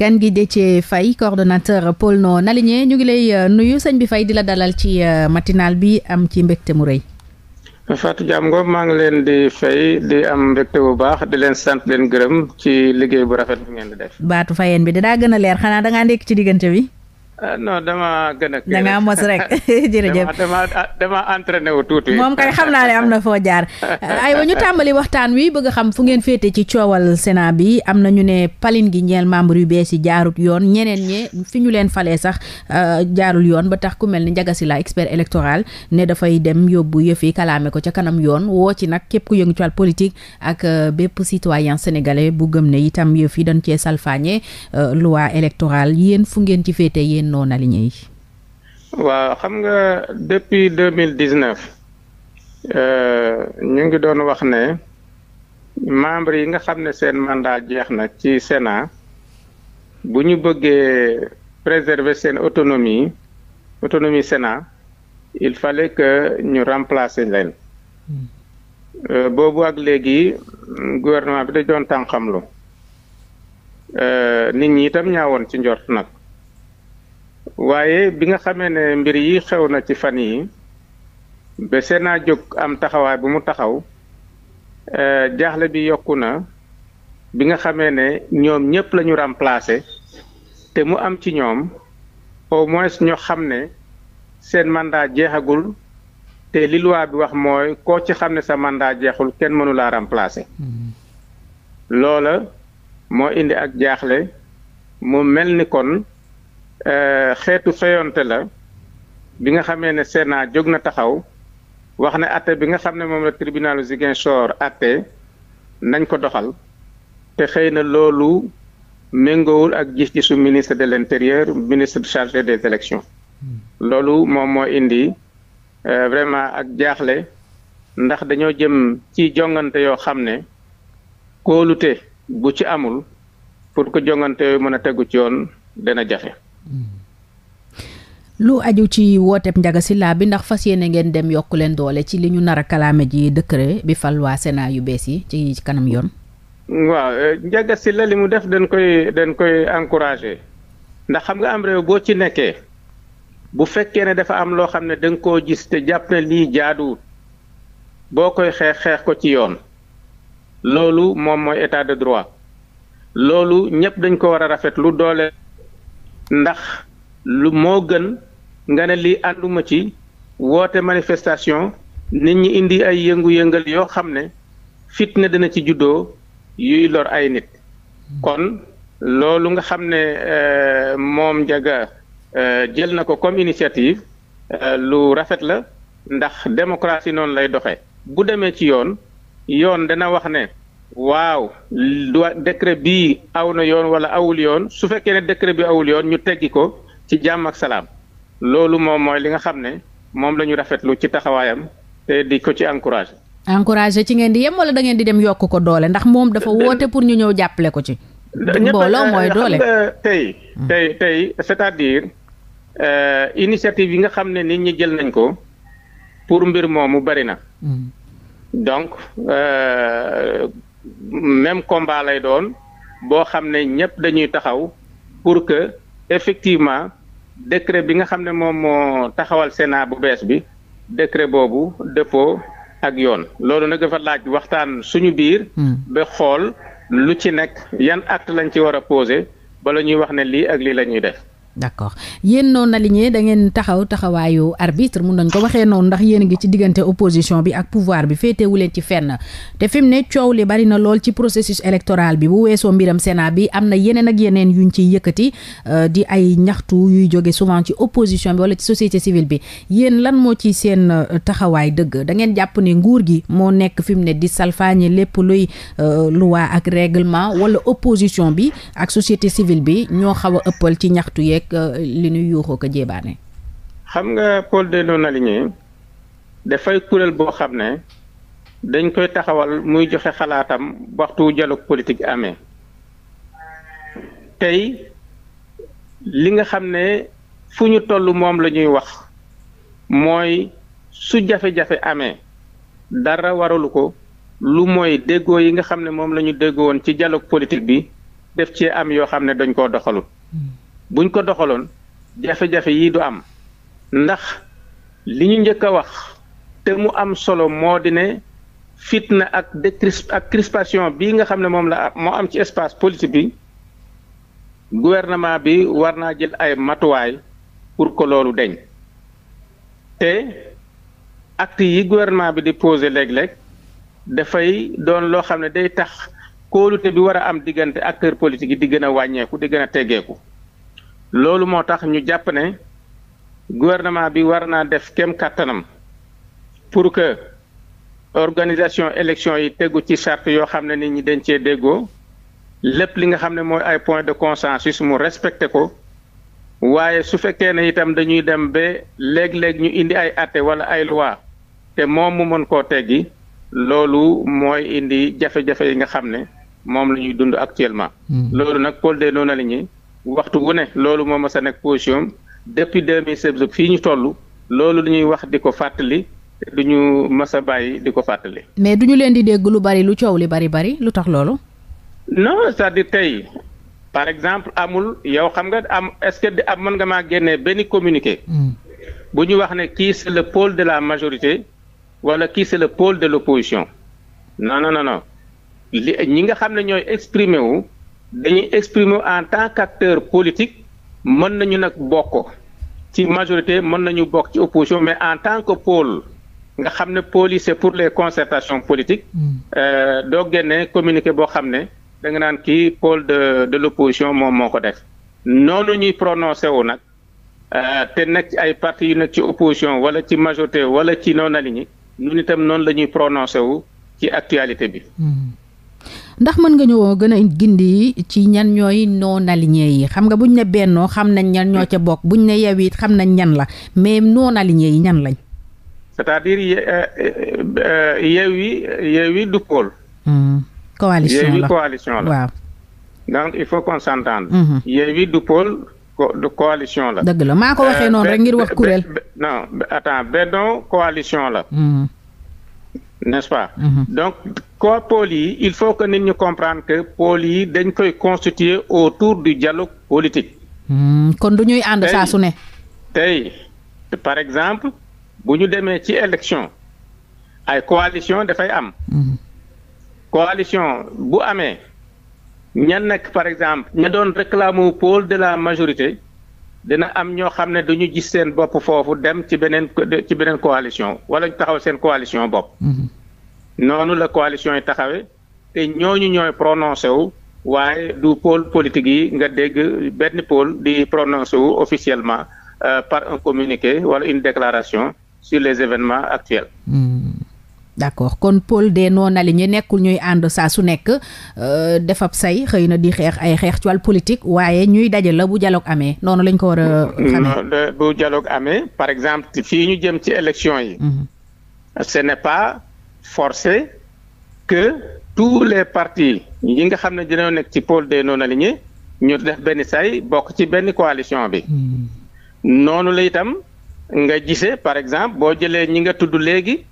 gan gi Déthié Faye coordonnateur pôle non aligné ñu ngi lay euh, nuyu sëñ bi Faye di la dalal ci euh, matinal bi am ci mbégte mu rëy. Fatou Diam Ngom maa ngi leen di fay di am mbégte bu baax di leen sant leen gërëm ci liggéey bu rafet bi ngeen di def. baatu fayeen bi da daa gën a leer xanaa da ngaa nekk ci diggante bi. Ah, non gën a. da ngaa mos rek jërëjëf dama dama entraîné wu tuuti. moom kay xam naa ne am na foo jaar aywa ñu tàmbali waxtaan wi bëgg a xam fu ngeen féete ci coowal sena bi am na ñu ne palin gi ñeel membre yu bees yi jaarut yoon ñeneen ñe fi ñu leen falee sax euh, jaarul yoon ba tax ku mel ni Ndiaga Sylla expert électoral ne dafay dem yóbbu yëf yi kalaame ko ca kanam yoon woo ci nag képp ku yëngu ci wàll politique ak euh, bépp citoyen sénégalais bu gëm ne itam yëf yi dañ cee salfaañe euh, loi électorale yéen fu ngeen ci féete yéen. yéen non alignés yi. waaw xam nga depuis deux mille dix neuf euh, ñu ngi doon wax ne membres yi nga xam ne seen mandat jeex na ci Sénat bu ñu bëggee préserver seen autonomie autonomie Sénat il fallait que ñu remplacer leen. Euh, boobu ak léegi gouvernement bi da doon tànqamlu euh, nit ñi itam ñaawoon ci njort nag. waaye bi nga xamee ne mbir yi xew na ci fan yi ba Sénat jóg am taxawaay bu mu taxaw euh, jaaxle bi yokku na bi nga xamee ne ñoom ñépp la remplacer te mu am ci ñoom au moins ñoo xam ne seen mandat jeexagul te li loi bi wax mooy koo ci xam ne sa mandat jeexul kenn mënu laa remplacer mm-hmm. loola moo indi ak jaaxle mu mel ni kon Euh, xeetu fayonte la bi nga xamee ne Sénat jóg na taxaw wax ne atte bi nga xam ne moom la tribunalu Ziguinchor atte nañ ko doxal te xëy na loolu méngoowul ak gis-gisu ministre de l'intérieur ministre chargé des élections hmm. loolu moom moo indi euh, vraiment ak jaaxle ndax dañoo jëm ci jongante yoo xam ne kóolute bu ci amul pour que jongante yooyu mën a tegu ci yoon dana jafe lu aju ci wooteb Ndiaga Sylla bi ndax fas yéene ngeen dem yokk leen doole ci li ñu nar a kalaame ji décret bi fal waa yu bees yi ci kanam yoon. waaw euh, Ndiaga Sylla li mu def dañ koy dañ koy encouragé ndax xam nga am réew boo ci nekkee bu fekkee ne dafa am loo xam ne danga nga koo gis te jàpp ne lii jaaduwut boo koy xeex xeex ko ci yoon loolu moom mooy état de droit loolu ñëpp dañ ko war a rafet lu doole. ndax lu moo gën nga ne lii ànduma ci woote manifestation nit ñi indi ay yëngu-yëngal yoo xam ne fitna dina ci juddoo yuy lor ay nit kon loolu nga xam ne euh, moom njaga euh, jël na ko comme initiative euh, lu rafet la ndax démocratie noonu lay doxe bu demee ci yoon yoon dana wax ne waaw décret bi aw na yoon wala awul yoon su fekkee ne décret bi awul yoon ñu teggi ko ci jàmm ak salaam loolu moom mooy li nga xam ne moom la ñu rafetlu ci taxawaayam te di ko ci encourage encouragé ci ngeen di yem wala da ngeen di dem yokk ko doole ndax moom dafa woote pour ñu ñëw jàppale ko ci. mbooloo mooy doole tey hmm. tey tey c'est-à-dire euh, initiative yi nga xam ne nit ñi jël nañ ko pour mbir moomu bari na. Hmm. donc. Euh, même combat lay doon boo xam ne ñëpp dañuy taxaw pour que effectivement décret bi nga xam ne moom moo taxawal Sénat bu bees bi décret boobu dëppoo ak yoon loolu nag dafa laaj waxtaan suñu biir. Hmm. ba xool lu ci nekk yan acte lañ ci war a poser bala ñuy wax ne lii ak lii la ñuy def. d'accord yéen noonu aligné da ngeen taxaw taxawaayu arbitre mun nañ ko waxee noonu ndax yéen a ngi ci diggante opposition bi ak pouvoir bi féetewu leen ci fenn te fi ne coow li bari na lool ci processus électoral bi bu weesoo mbiram Sénat bi am na yeneen ak yeneen yuñ ciy yëkkati euh, di ay ñaxtu yuy jóge souvent ci opposition bi wala ci société civile bi yéen lan moo ci seen euh, taxawaay dëgg da ngeen jàpp ne nguur gi moo nekk fi mu ne di salfaañe lépp luy euh, loi ak règlement wala opposition bi ak société civile bi ñoo xaw a ëppal ci ñaxtu yeeg teg euh, li ñuy yuuxoo ko jéebaane. xam nga pôle des non-alignés dafay kuréel boo xam ne dañ koy taxawal muy joxe xalaatam waxtu dialogue politique amee tey li nga xam ne fu ñu toll moom la ñuy wax mooy su jafe-jafe amee dara waralu ko lu mooy déggoo yi nga xam ne moom la ñu déggoo woon ci dialogue politique bi def ci am yoo xam ne dañ koo doxalut buñ ko doxaloon jafe-jafe yi du am ndax li ñu njëkk a wax te mu am solo moo di ne fitna ak décris ak crispation bii nga xam ne moom la moo am ci espace politique bi gouvernement bi war naa jël ay matuwaay pour ko loolu deñ te acte yi gouvernement bi di posé léeg-léeg dafay doon loo xam ne day tax kóolute bi war a am diggante acteur politique yi di gën a wàññeeku di gën a teggeeku loolu moo tax ñu jàpp ne gouvernement bi war naa def kem kàttanam pour que organisation élection yi tegu ci charte yoo xam ne nit ñi dañ cee déggoo lépp li nga xam ne mooy ay point de consensus mu respecté ko waaye su fekkee ne itam dañuy dem ba léeg-léeg ñu indi ay atte wala ay loi te moom mu mën koo teggi loolu mooy indi jafe-jafe yi nga xam ne moom la ñuy dund actuellement. Hmm. loolu nag Paul Denona la ñi waxtu wu ne loolu moo mës a nekk position depuis 2016 fii ñu tollu loolu lu ñuy wax di ko fàttali du ñu mës bàyyi di ko fàttali. mais du ñu leen di dégg lu bari lu coow li bari bari lu tax loolu. non cest à tey par exemple amul yow xam nga am est-ce am mën nga maa génnee benn communiqué. Hmm. bu ñu wax ne kii c'est le pole de la majorité wala kii c'est le pôle de l'opposition non non non non li ñi nga xam ne ñooy exprimer wu. dañuy exprimer en tant qu'acteur politique mën nañu nag bokk ci majorité mën nañu bokk ci opposition mais en tant que pôle nga xam ne pôle yi pour les concertations politiques hmm. euh, doo génne communiqué boo xam ne da nga naan kii pole de de l'opposition moom moo ko def noonu ñuy prononcé wu nag euh, te nekk ay parti yu nekk ci opposition wala ci majorité wala ci non aligné ñun itam noonu la ñuy prononcé wu ci actualité bi hmm. ndax mën nga ñoo gën a gindi ci ñan ñooy non aligné yi xam nga buñ ne bennoo xam nañ ñan ñoo ca bokk buñ ne yew it xam nañ ñan la mais non aligné yi ñan lañ. c'est-à-dire euh, euh, Yewwi Yewwi du pôle. Hmm. coalition la Yewwi coalition la waaw. donc il faut qu'on hmm. Yewwi du pôle du coalition la. dëgg la maa ko waxee noonu rek ngir wax euh, kuréel. non attends Benno coalition la. Hmm. ko pôle yi il faut que nit ñu comprendre que pôle yi dañ koy constituer autour du dialogue politique. Hmm, kon du ñuy ànd saa su ne. tey par exemple bu ñu demee ci élection ay coalition dafay am. Hmm. coalition bu amee ña nekk par exemple ña doon réclamer pôle de la majorité dina am ñoo xam ne duñu gis seen bopp foofu dem ci beneen ci beneen coalition wala ñu taxaw seen coalition bopp. Hmm. noonu la coalition yi taxawe te ñooñu ñooy prononcé wu waaye du pôle politique yi nga dégg benn pôle di prononcé wu officiellement euh, par un communiqué wala une déclaration sur les événements actuels. Mmh. d'accord kon noon des non-alignés nekkul ñuy ànd saa su nekk euh, defab say xëy na di xeex ay xeex ci wàllu politique waaye ñuy dajale bu dialogue amee noonu lañ ko war a. xamee bu dialogue amee par exemple fii ñu jëm ci élection yi. Hmm. ce n'est pas. forcer que tous les partis yi nga xam ne dinañoo nekk ci pôle des non alignés ñu def benn say bokk ci benn coalition bi hmm. noonu la itam nga gisee par exemple boo jëlee ñi nga tudd léegi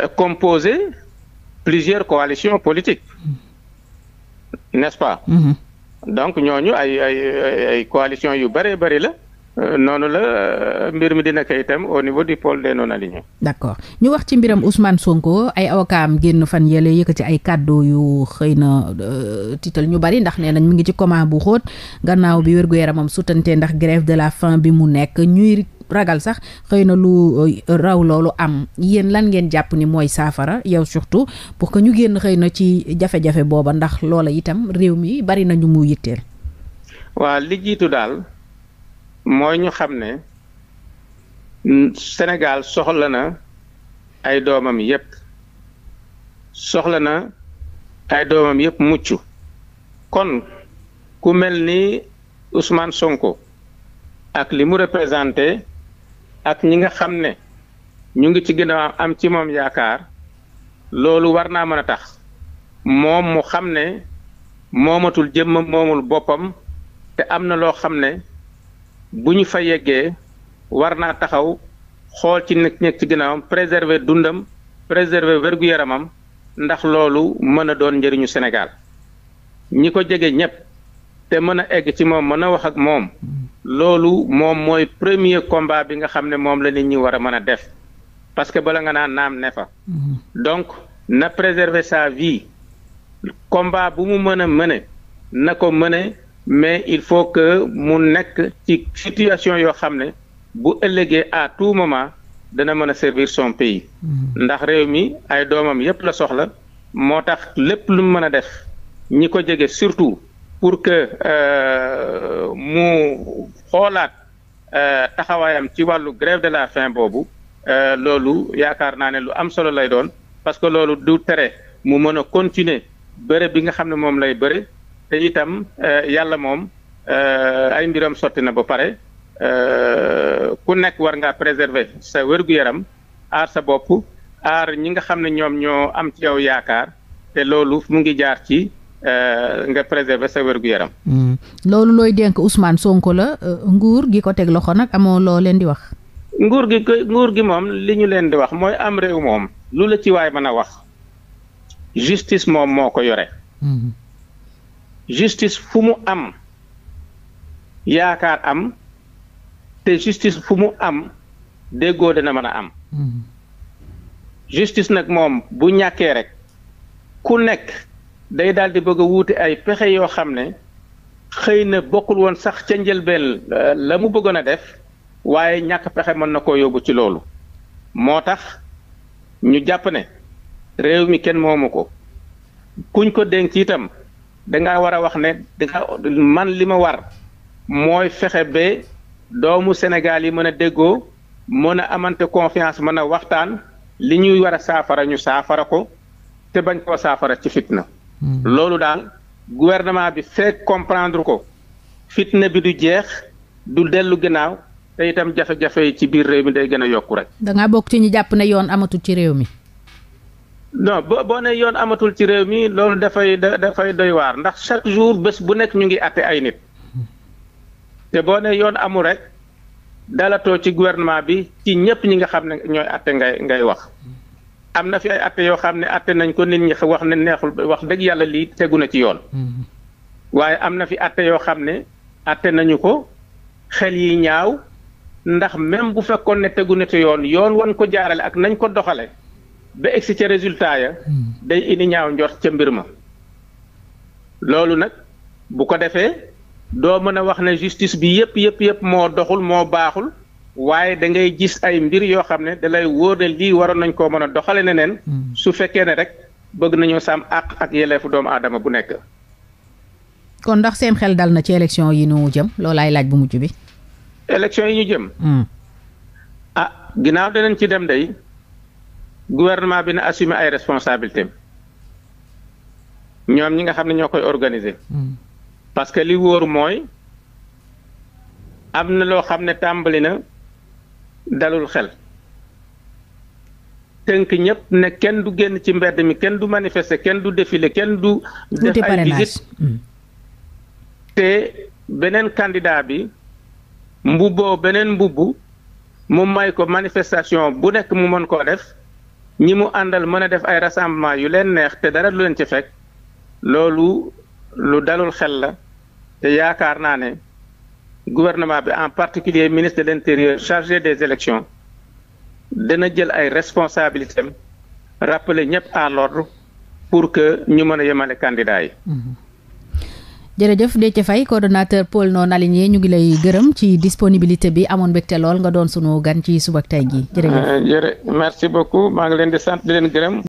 euh, composer plusieurs coalitions politiques hmm. n'est-ce pas hmm. donc ñooñu ay ay ay coalition yu bëree bëri la Euh, noonu la euh, mbir mi di nekk itam au niveau du pôle des non alignés. d'accord ñu wax ci mbiram Ousmane Sonko ay awkaam génn fan yële yëkkati ay kàddu yu xëy na euh, tiital ñu bari ndax nee nañ mu ngi ci coma bu xóot gannaaw bi wérgu yaramam sutante ndax grève de la faim bi mu nekk ñuy ragal sax xëy na lu raw loolu am yéen lan ngeen jàpp ni mooy saafara yow surtout pour que ñu génn xëy na ci jafe-jafe booba ndax loola itam réew mi bari nañu mu yitteel. waa mooy ñu xam ne Sénégal soxla na ay doomam yépp soxla na ay doomam yépp mucc kon ku mel ni Ousmane Sonko ak li mu représenté ak ñi nga xam ne ñu ngi ci gën a am ci moom yaakaar loolu war naa mën a tax moom mu xam ne moomatul jëmm moomul boppam te am na loo xam ne bu ñu fa yeggee war naa taxaw xool ci nekk nekk ci ginnaawam préserver dundam préserver wérgu yaramam ndax loolu mën a doon njëriñu Sénégal ñi ko jege ñépp te mën a egg ci moom mën a wax ak moom loolu moom mooy premier combat bi nga xam ne moom la nit ñi war a mën a def parce que bala nga naan naam ne fa donc na préserver sa vie combat bu mu mën a mëne na ko mëne mais il faut que mu nekk ci situation yoo xam ne bu ëllëgee à tout moment dana mën a servir son pays mm-hmm. ndax réew mi ay doomam yépp la soxla moo tax lépp lu mu mën a def ñi ko jege surtout pour que euh, mu xoolaat euh, taxawaayam ci wàllu grève de la fin boobu euh, loolu yaakaar naa ne lu am solo lay doon parce que loolu du tere mu mën a continuer bëre bi nga xam ne moom lay bëre te itam euh, yàlla moom euh, ay mbiram sotti na ba pare euh, ku nekk war ngaa préserver sa wér-gu-yaram aar sa bopp aar ñi nga xam ne ñoom ñoo am ci yow yaakaar te loolu mu ngi jaar ci nga préserver sa wér-gu-yaram. Hmm. loolu looy dénk Ousmane Sonko la nguur gi ko teg loxo nag amoo loo leen di wax. nguur gi nguur gi moom li ñu leen di wax mooy am réew moom lu la ci waay mën a wax justice moom moo ko yore. Hmm. justice fu mu am yaakaar am te justice fu mu am déggoo dana mën a am hmm. justice nag moom bu ñàkkee rek ku nekk day daal di bëgg a wuute ay pexe yoo xam ne xëy na bokkul woon sax ca njëlbeen euh, la mu bëggoon a def waaye ñàkk pexe mën na koo yóbbu ci loolu moo tax ñu jàpp ne réew mi kenn moomu ko kuñ ko dénk itam dangaa war a wax ne danga man li ma war mooy fexe ba doomu Sénégal yi mën a déggoo mën a amante confiance mën a waxtaan li ñuy war a saafara ñu saafara ko te bañ koo saafara ci fitna. Hmm. loolu daal gouvernement bi fekk comprendre ko fitna bi du jeex du dellu ginnaaw te itam jafe-jafe yi ci biir réew mi day gën a yokk rek. da ngaa bokk ci ñu jàpp ne yoon amatul ci réew mi. non boo boo ne yoon amatul ci réew mi loolu dafay dafay doy waar ndax chaque jour bés bu nekk ñu ngi àtte ay nit te boo ne yoon amul rek dalatoo ci gouvernement bi ci ñëpp ñi nga xam ne ñooy àtte ngay ngay wax am na fi ay àtte yoo xam ne àtte nañ ko nit ñi wax ne neexul wax dëgg yàlla lii tegu na ci yoon am na fi àtte yoo xam ne àtte nañu ko xel yi ñaaw ndax même bu fekkoon ne tegu na ci yoon yoon wan ko jaarale ak nañ ko doxale ba egsi ca résultat ya hmm. day indi ñaaw njort ca mbir ma loolu nag bu ko defee doo mën a wax ne justice bi yëpp yëpp yëpp moo doxul moo baaxul waaye da ngay gis ay mbir yoo xam ne dalay lay wóor ne lii waroon nañ koo mën a ne neen hmm. su fekkee ne rek bëgg nañoo sàmm àq ak yelleefu doomu aadama bu nekk kon ndax seen xel dal na ci élection yi ñu jëm loolaay laaj bu mujj bi élection yi ñu jëm hmm. ah ginnaaw danañ ci dem day gouvernement bi na assumer ay responsabilités ñoom ñi nga xam ne ñoo koy organiser. Hmm. parce que li wóor mooy am na loo xam ne tàmbali na dalul xel tënk ñëpp ne kenn du génn ci mbedd mi kenn du manifesté kenn du défiler kenn du. def ay visite hmm. te beneen candidat bi mbubboo beneen mbubb mu may ko manifestation bu nekk mu mën koo def. ñi mu àndal mën a def ay rassemblement yu leen neex te dara lu leen ci fekk loolu lu dalul xel la te yaakaar naa ne gouvernement bi en particulier ministre de l'intérieur chargé des élections dana jël ay responsabilités am rappeler ñëpp à l'ordre pour que ñu mën a yemale candidats yi. Mm-hmm. jërëjëf Déthié Faye coordonnateur pôle non aligné ñu ngi lay gërëm ci disponibilité bi amoon mbégte lool nga doon sunu gan ci subak ak tey gi jërëjëf euh, jërë merci beaucoup maa ngi leen di sant leen gërëm